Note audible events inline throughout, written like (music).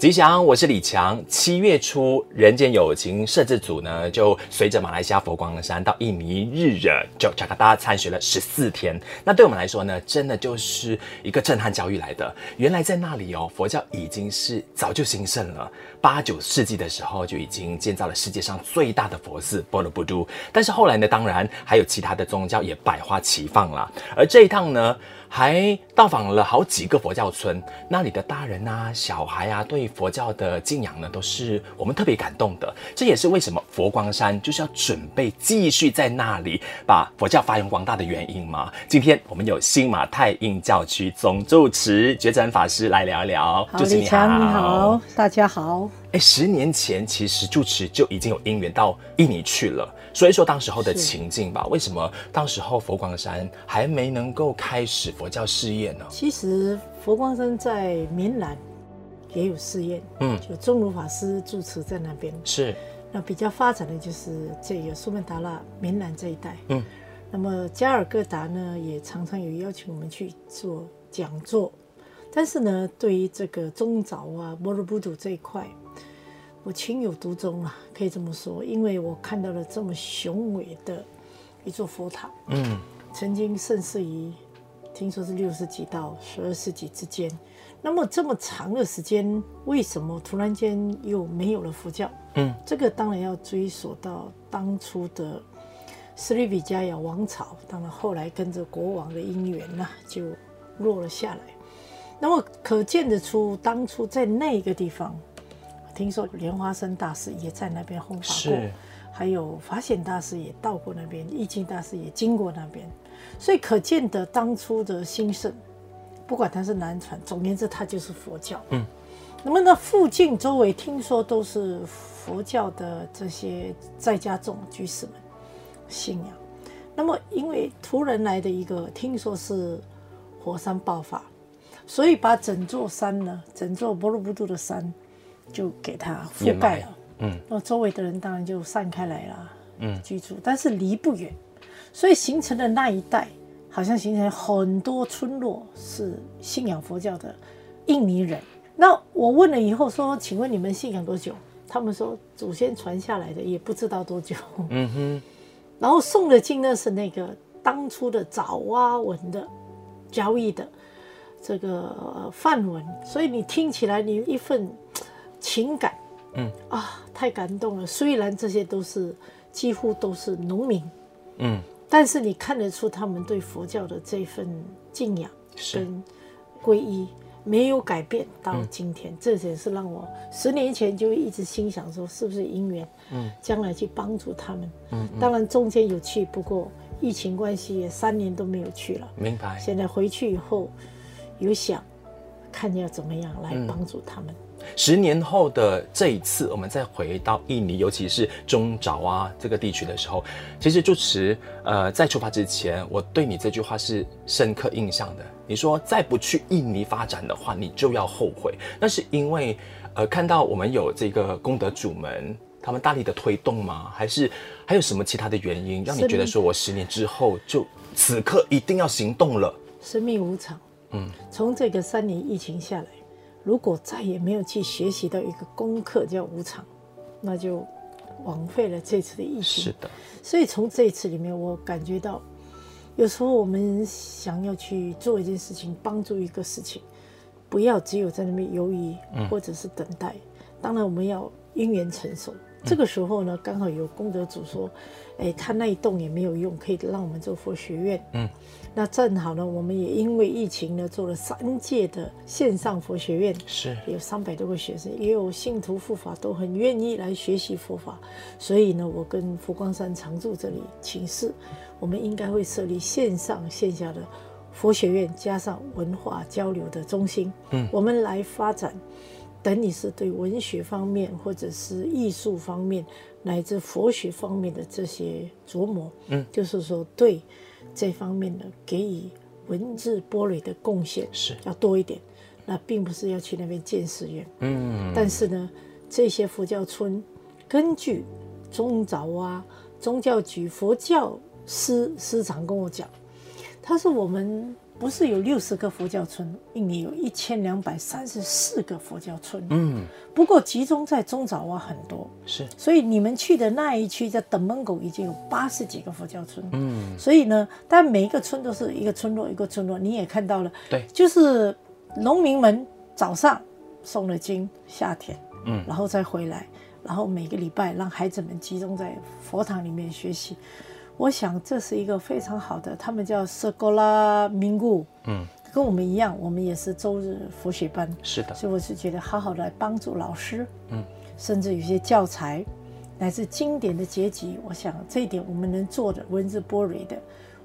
吉祥，我是理強。七月初，人間有情攝製組呢，就隨着馬來西亞佛光山到印尼日惹，就雅加達參學了十四天。那對我們來說呢，真的就是一個震撼教育來的。原來在那裡哦，佛教已經是早就興盛了。八九世紀的時候，就已經建造了世界上最大的佛寺婆羅浮屠。但是後來呢，當然還有其他的宗教也百花齊放了。而這一趟呢，還到訪了好幾個佛教村，那裡的大人啊、小孩啊，對佛教的敬仰呢，都是我們特別感動的。這也是為什麼佛光山就是要準備繼續在那裡把佛教發揚光大的原因嘛。今天我們有新馬泰印教區總住持覺誠法師來聊一聊。好，主持人你，你好，大家好。哎，十年前其實住持就已經有因緣到印尼去了，所以說當時候的情境吧，是為什麼當時候佛光山還沒能夠開始佛教事業呢？其實佛光山在棉蘭也有試驗，嗯，就中儒法師住持在那邊，是。那比較發展的就是這個蘇門答臘棉蘭這一帶，嗯，那麼加爾各答呢也常常有邀請我們去做講座，但是呢，對於這個中爪哇、婆羅浮屠這一塊。我情有獨鍾啊，可以這麼說，因為我看到了這麼雄偉的一座佛塔。嗯，曾經盛世於，聽說是六世紀到十二世紀之間。那麼這麼長的時間，為什麼突然間又沒有了佛教？嗯，這個當然要追溯到當初的斯里比加亞王朝。當然後來跟着國王的姻緣吶、啊，就落了下來。那麼可見得出，當初在那個地方。聽說蓮花生大師也在那邊弘法過，是還有法顯大師也到過那邊，義淨大師也經過那邊，所以可見得當初的興盛，不管他是南傳，總言之，他就是佛教。嗯，那麼那附近周圍聽說都是佛教的這些在家眾居士們信仰。那麼因為突然來的一個，聽說是火山爆發，所以把整座山呢，整座婆羅浮屠的山。就給它覆蓋了，嗯，那周圍的人當然就散開來了，嗯，居住，但是離不遠，所以形成的那一帶，好像形成很多村落是信仰佛教的印尼人。那我問了以後說，請問你們信仰多久？他們說祖先傳下來的，也不知道多久。嗯哼，然後誦的經呢是那個當初的爪哇、啊、文的，交易的這個、呃、范文，所以你聽起來你一份，情感，嗯啊，太感動了。雖然這些都是幾乎都是農民，嗯，但是你看得出他們對佛教的這份敬仰跟皈依沒有改變到今天。嗯、這也是讓我十年前就一直心想說，是不是因緣，嗯，將來去幫助他們，嗯。嗯當然中間有去，不過疫情關係也三年都沒有去了。明白。現在回去以後，有想。看你要怎麼樣來幫助他們。嗯，十年後的這一次，我們再回到印尼，尤其是中爪哇這個地區的時候，其實住持呃，在出發之前，我對你這句話是深刻印象的。你說再不去印尼發展的話，你就要後悔。那是因為呃，看到我們有這個功德主們，他們大力的推動嗎？還是還有什麼其他的原因，讓你覺得說我十年之後就此刻一定要行動了？生命無常。嗯，從這個三年疫情下來，如果再也沒有去學習到一個功課叫無常，那就枉費了這次的疫情。是的，所以從這次裡面，我感覺到，有時候我們想要去做一件事情，幫助一個事情，不要只有在那邊猶豫或者是等待。嗯。當然，我們要因緣成熟。嗯、這個時候呢，剛好有功德主說，哎，他那一棟也沒有用，可以讓我們做佛學院。嗯，那正好呢，我們也因為疫情呢，做了三屆的線上佛學院，是，有三百多個學生，也有信徒護法都很願意來學習佛法。所以呢，我跟佛光山常住這裡請示，我們應該會設立線上線下的佛學院，加上文化交流的中心，嗯，我們來發展。等於是對文學方面，或者是藝術方面，乃至佛學方面的這些琢磨，嗯，就是說對這方面呢給予文字般若的貢獻是要多一點。是那並不是要去那邊建寺院，嗯，嗯，嗯，但是呢，這些佛教村根據中爪哇啊，宗教局佛教司司長，跟我講，他說我們，不是有六十個佛教村，印尼有一千兩百三十四個佛教村。嗯，不過集中在中爪哇很多。是，所以你們去的那一區在登門口已經有八十幾個佛教村。嗯，所以呢，但每一個村都是一個村落一個村落，你也看到了。對，就是農民們早上誦了經下田，嗯，然後再回來，嗯、然後每個禮拜讓孩子們集中在佛堂裡面學習。我想這是一個非常好的，他們叫 Sekolah Minggu，嗯，跟我們一樣，我們也是週日佛學班，是的，所以我是覺得好好的來幫助老師，嗯，甚至有些教材乃至經典的結集，我想這一點我們能做的，文字般若的，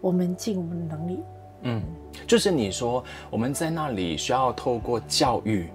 我們盡我們能力，嗯，就是你說我們在那裡需要透過教育，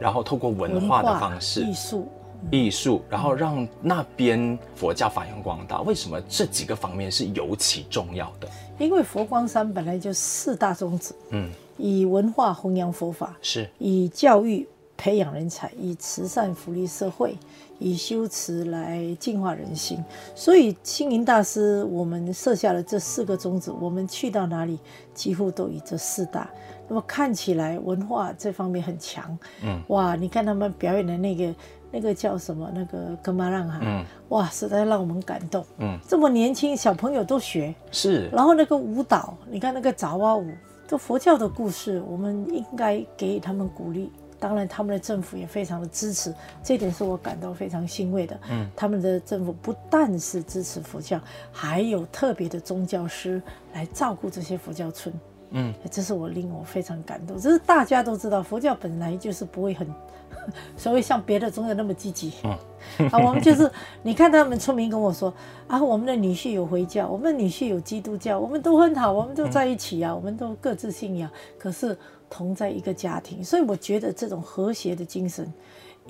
然後透過文化的方式，藝術。藝術，然後讓那邊佛教發揚光大。為什麼這幾個方面是尤其重要的？因為佛光山本來就四大宗旨，嗯，以文化弘揚佛法，是以教育培養人才，以慈善福利社會，以修持來淨化人心。所以星雲大師，我們設下了這四個宗旨。我們去到哪裡，幾乎都以這四大。那麼看起來文化這方面很強，嗯，哇，你看他們表演的那個。那個叫什麼？那個格瑪浪哈，嗯，哇，實在讓我們感動。嗯，這麼年輕，小朋友都學是。然後那個舞蹈，你看那個爪哇舞，這佛教的故事，我們應該給予他們鼓勵。當然，他們的政府也非常的支持，這點是我感到非常欣慰的。嗯，他們的政府不但是支持佛教，還有特別的宗教師來照顧這些佛教村。嗯，這是我令我非常感動。這是大家都知道，佛教本來就是不會很呵呵所謂像別的宗教那麼積極。哦、 (laughs) 啊，我們就是你看他們村民跟我說啊，我們的女婿有回教，我們的女婿有基督教，我們都很好，我們都在一起啊，嗯、我們都各自信仰，可是同在一個家庭，所以我覺得這種和諧的精神。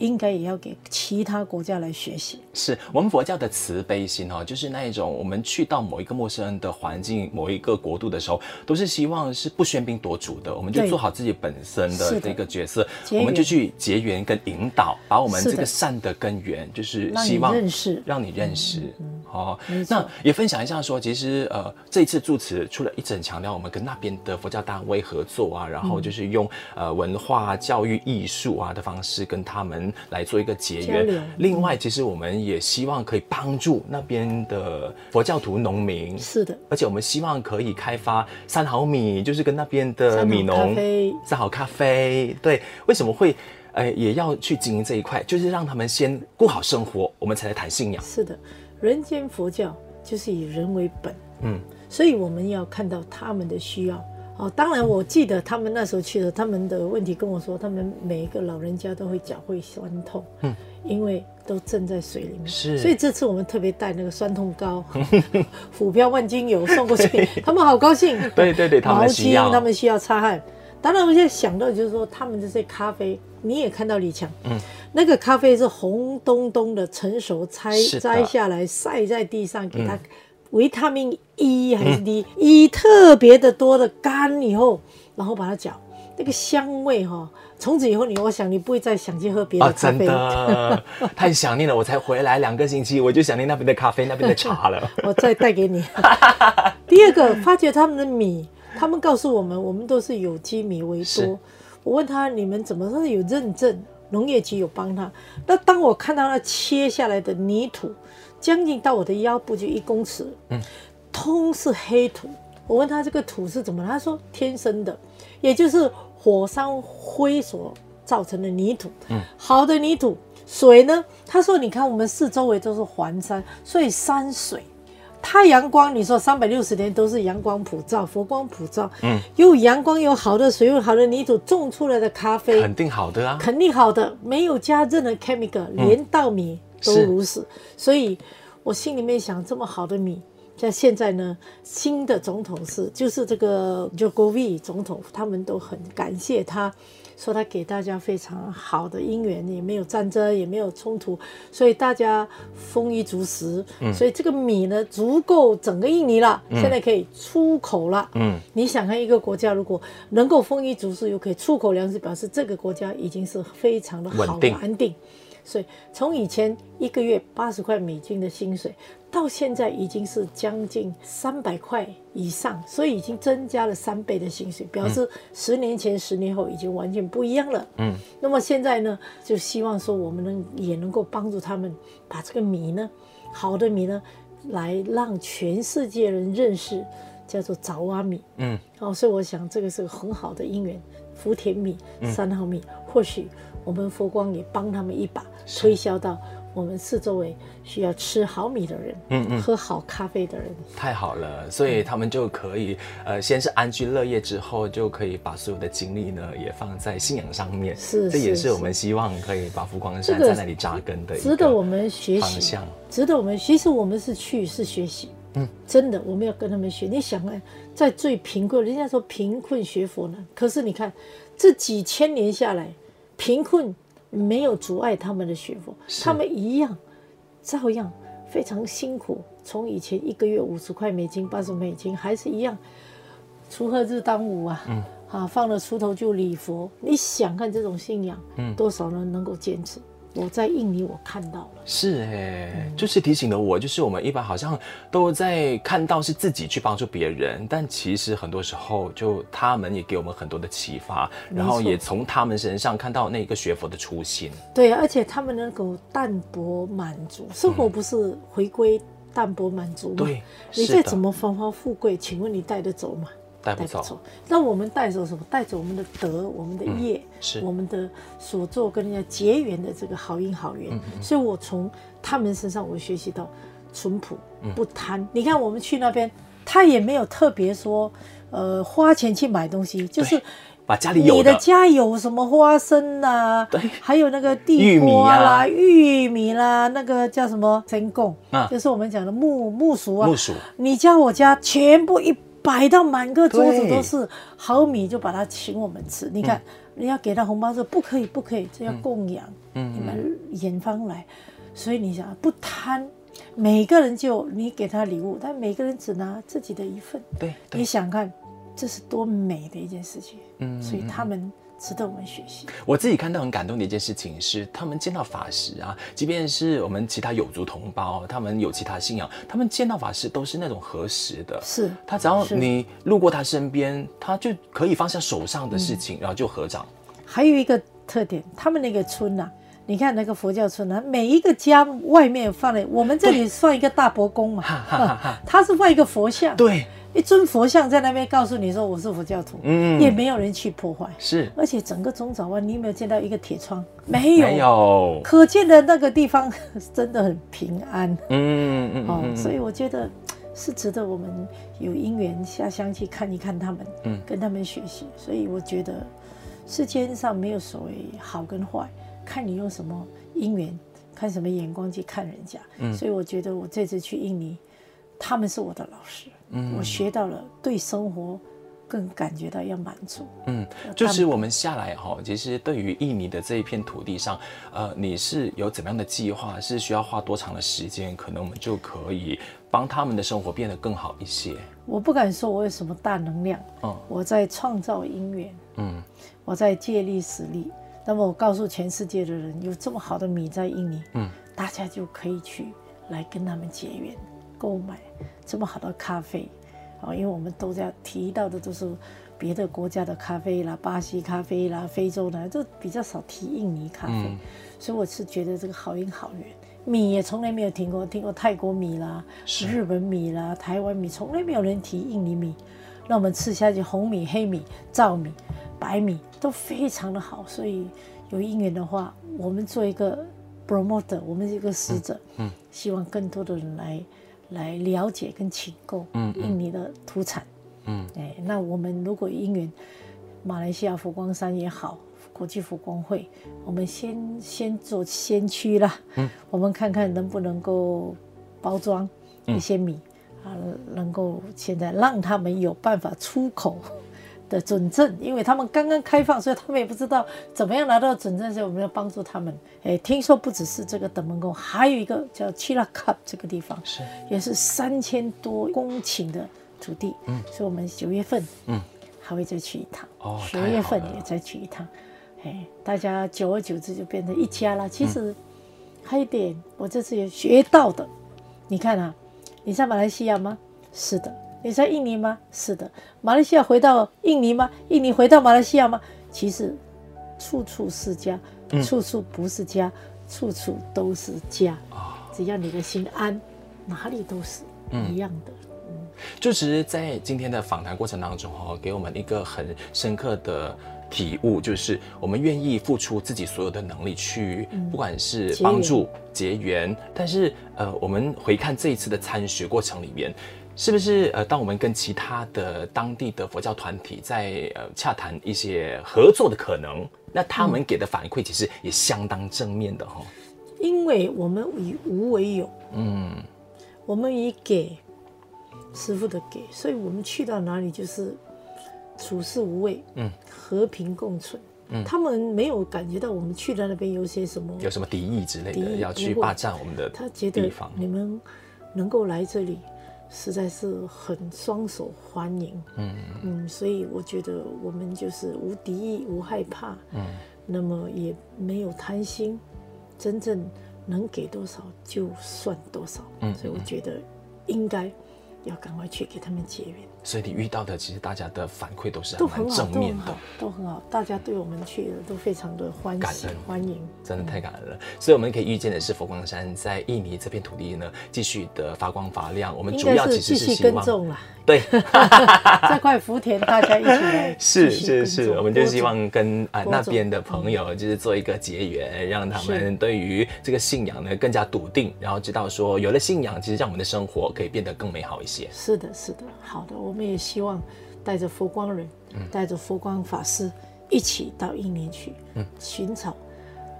應該也要給其他國家來學習。是我們佛教的慈悲心哦，就是那一種，我們去到某一個陌生的環境、某一個國度的時候，都是希望是不喧賓奪主的，我們就做好自己本身的這個角色，我們就去結緣跟引導，緣把我們這個善的根源，是的就是希望讓你認識，讓你認識、嗯嗯、哦。錯那也分享一下說，其實呃，這一次住持，除了一直強調我們跟那邊的佛教單位合作啊，然後就是用、嗯、呃文化、教育、藝術啊的方式跟他們。來做一個結緣。嗯、另外，其實我們也希望可以幫助那邊的佛教徒農民。是的。而且我們希望可以開發三好米，就是跟那邊的米農、三好咖啡、三好咖啡。對。為什麼會、呃、也要去經營這一塊？就是讓他們先過好生活，我們才來談信仰。是的，人間佛教就是以人為本。嗯。所以我們要看到他們的需要。哦，當然，我記得他們那時候去的，他們的問題跟我說，他們每一個老人家都會腳會痠痛，嗯，因為都浸在水裡面，是。所以這次我們特別帶那個痠痛膏、浮 (laughs) 漂萬金油送過去，對他們好高興。對對對，毛巾他們，他們需要擦汗。當然，我現在想到就是說，他們這些咖啡，你也看到理強，嗯、那個咖啡是紅咚咚的，的，成熟摘下來曬在地上，給他。嗯維他命 E 還是 D？嗯，E 特別的多的乾以後，然後把它攪，那個香味哈，從此以後你我想你不會再想去喝別的咖啡，真的，太想念了。我才回來兩個星期，我就想念那邊的咖啡，那邊的茶了。 (laughs) 我再帶給你。 (laughs) 第二個，發覺他們的米，他們告訴我們，我們都是有機米為多。是我問他，你們怎麼會有認證？農業局有幫他。那當我看到他切下來的泥土，將近到我的腰部，就一公尺，嗯，通是黑土。我問他這個土是怎麼？他說天生的，也就是火山灰所造成的泥土，嗯，好的泥土。水呢？他說你看我們四周圍都是環山，所以山水。太陽光，你說三百六十天都是陽光普照，佛光普照，嗯，有陽光，有好的水，有好的泥土種出來的咖啡，肯定好的啊，肯定好的，沒有加任何 chemical，連稻米。嗯都如此，是所以我心裡面想，這麼好的米，在現在呢，新的總統是就是這個就國 k 總統，他們都很感謝他，說他給大家非常好的姻緣，也沒有戰爭，也沒有，也沒有衝突，所以大家豐衣足食。嗯、所以這個米呢，足夠整個印尼了，嗯、現在可以出口了。嗯。你想看一個國家如果能夠豐衣足食又可以出口糧食，表示這個國家已經是非常的好安定。所以從以前一個月八十塊美金的薪水，到現在已經是將近三百塊以上，所以已經增加了三倍的薪水，表示十年前、十年後已經完全不一樣了。嗯，那麼現在呢，就希望說我們能也能夠幫助他們把這個米呢，好的米呢，來讓全世界人認識，叫做爪哇米。嗯，哦，所以我想這個是個很好的因緣，福田米、三號米，或許。我們佛光也幫他們一把，推銷到我們四周圍需要吃好米的人，嗯嗯，嗯喝好咖啡的人，太好了。所以他們就可以，呃，先是安居樂業，之後就可以把所有的精力呢也放在信仰上面。是，是這也是我們希望可以把佛光山在那裡扎根的一個方向。這個值得我們學習，值得我們。其實我們是去是學習，嗯，真的我們要跟他們學。你想啊，在最貧困，人家說貧困學佛呢，可是你看這幾千年下來。貧困沒有阻礙他們的學佛，是他們一樣，照樣非常辛苦。從以前一個月五十塊美金，八十美金，還是一樣。鋤禾日當午啊，嗯、啊，放了鋤頭就禮佛。你想看這種信仰，嗯、多少人能夠堅持？我在印尼，我看到了，是哎、欸，嗯、就是提醒了我，就是我們一般好像都在看到是自己去幫助別人，但其實很多時候就他們也給我們很多的啟發，嗯、然後也從他們身上看到那個學佛的初心。對、啊，而且他們能夠淡泊滿足，生活不是回歸淡泊滿足嗎？嗯、對，你再怎麼繁華富貴，請問你帶得走嗎？帶走，那我們帶走什麼？帶走我們的德、我們的業，嗯、是我們的所做跟人家結緣的這個好因好緣。嗯嗯、所以，我從他們身上我學習到淳樸不貪。嗯、你看，我們去那邊，他也沒有特別說，呃，花錢去買東西，就是把家裡有的，你的家有什麼花生啊？對，還有那個地瓜啦、啊，玉米啦、啊啊，那個叫什麼？真貢，嗯、就是我們講的木木薯啊。木薯，你家我家全部一。擺到滿個桌子，都是好對米，就把他請我們吃。嗯、你看，人家給他紅包說不可以，不可以，這要供養。你們遠方來，嗯嗯嗯、所以你想不貪，每個人就你給他禮物，但每個人只拿自己的一份。對，對你想看，這是多美的一件事情。嗯，所以他們。值得我們學習。我自己看到很感動的一件事情是，他們見到法師啊，即便是我們其他有族同胞，他們有其他信仰，他們見到法師都是那種合十的。是，他只要你路過他身邊，是他就可以放下手上的事情，嗯、然後就合掌。還有一個特點，他們那個村吶、啊，你看那個佛教村啊，每一個家外面放了，我們這裡算一個大伯公嘛，他是放一個佛像。對。一尊佛像在那邊告訴你說：“我是佛教徒。”嗯，也沒有人去破壞。是，而且整個中爪哇你有沒有見到一個鐵窗？嗯，沒有，沒有。可見的那個地方真的很平安。嗯嗯嗯。嗯哦，所以我覺得是值得我們有因緣下鄉去看一看他們，嗯，跟他們學習。所以我覺得世間上沒有所謂好跟壞，看你用什麼因緣，看什麼眼光去看人家。嗯，所以我覺得我這次去印尼，他們是我的老師。嗯， (noise) 我學到了，對生活更感覺到要滿足。嗯，就是我們下來哈，其實對於印尼的這一片土地上，呃，你是有怎樣的計劃？是需要花多長的時間？可能我們就可以幫他們的生活變得更好一些。我不敢說我有什麼大能量，嗯，我在創造因緣，嗯，我在借力使力。那麼我告訴全世界的人，有這麼好的米在印尼，嗯，大家就可以去來跟他們結緣。購買這麼好的咖啡，啊、哦，因為我們都在提到的都是別的國家的咖啡啦，巴西咖啡啦，非洲的，都比較少提印尼咖啡。嗯、所以我是覺得這個好因好緣，米也從來沒有聽過，聽過泰國米啦，是日本米啦，台灣米，從來沒有人提印尼米。那我們吃下去，紅米、黑米、糙米、白米都非常的好。所以有因緣的話，我們做一個 promoter，我們是一個使者，嗯，嗯，希望更多的人來來了解跟請購印尼的土產，嗯嗯哎，那我們如果因緣馬來西亞佛光山也好，國際佛光會，我們先先做先驅啦，嗯、我們看看能不能夠包裝一些米、嗯、啊，能夠現在讓他們有辦法出口的准證，因為他們剛剛開放，所以他們也不知道怎麼樣拿到准證。所以我們要幫助他們。哎，聽說不只是這個等門宮，還有一個叫 Cilacap 這個地方，是也是三千多公頃的土地。嗯，所以我們九月份嗯還會再去一趟，嗯、十月份也再去一趟。哎、哦，大家久而久之就變成一家了。其實、嗯、還有一點，我這次也學到的。你看啊，你在馬來西亞嗎？是的。你在印尼嗎？是的，馬來西亞回到印尼嗎？印尼回到馬來西亞嗎？其實，處處是家，處處不是家，嗯、處處都是家。哦、只要你的心安，哪裡都是一樣的。嗯嗯、就其實在今天的訪談過程當中哈、哦，給我們一個很深刻的體悟，就是我們願意付出自己所有的能力去，嗯、不管是幫助結緣、結緣，但是呃，我們回看這一次的參學過程裡面。是不是呃，當我們跟其他的當地的佛教團體在呃洽談一些合作的可能，那他們給的反饋其實也相當正面的哈、哦。因為我們以無為有，嗯，我們以給師父的給，所以我們去到哪裡就是處事無畏，嗯，和平共存，嗯，他們沒有感覺到我們去到那邊有些什麼，有什麼敵意之類的要去霸占我們的地方，他覺得，地方，你們能夠來這裡。實在是很雙手歡迎，嗯，嗯，所以我覺得我們就是無敵意、無害怕，嗯，那麼也沒有貪心，真正能給多少就算多少，嗯，所以我覺得應該。要趕快去給他們結緣，所以你遇到的其實大家的反饋都是都很正面的，都很好。大家對我們去了都非常的歡喜，歡迎，真的太感恩了。所以我們可以預見的是，佛光山在印尼這片土地呢，繼續的發光發亮。我們主要其實是希望，對這塊福田，大家一起來，是是是，我們就希望跟啊那邊的朋友，就是做一個結緣，讓他們對於這個信仰呢更加篤定，然後知道說，有了信仰，其實讓我們的生活可以變得更美好一些。是的，是的，好的，我們也希望帶着佛光人，嗯、帶着佛光法師一起到印尼去，嗯，尋找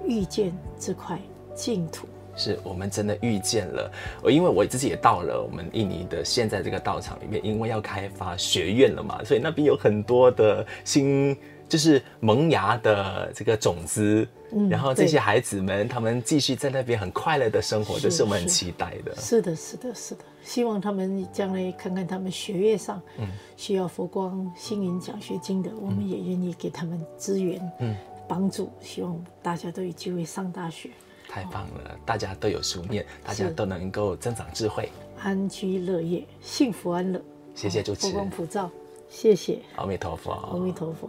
遇見這塊淨土。是我們真的遇見了，因為我自己也到了我們印尼的現在這個道場裡面，因為要開發學院了嘛，所以那邊有很多的新。就是萌芽的這個種子，然後這些孩子們他們繼續在那邊很快樂的生活，這是我們很期待的。是的，是的，是的，希望他們將來看看他們學業上，嗯，需要佛光星雲獎學金的，我們也願意給他們支援，嗯，幫助。希望大家都有機會上大學。太棒了，大家都有書念，大家都能夠增長智慧，安居樂業，幸福安樂。謝謝主持。佛光普照，謝謝。阿彌陀佛，阿彌陀佛。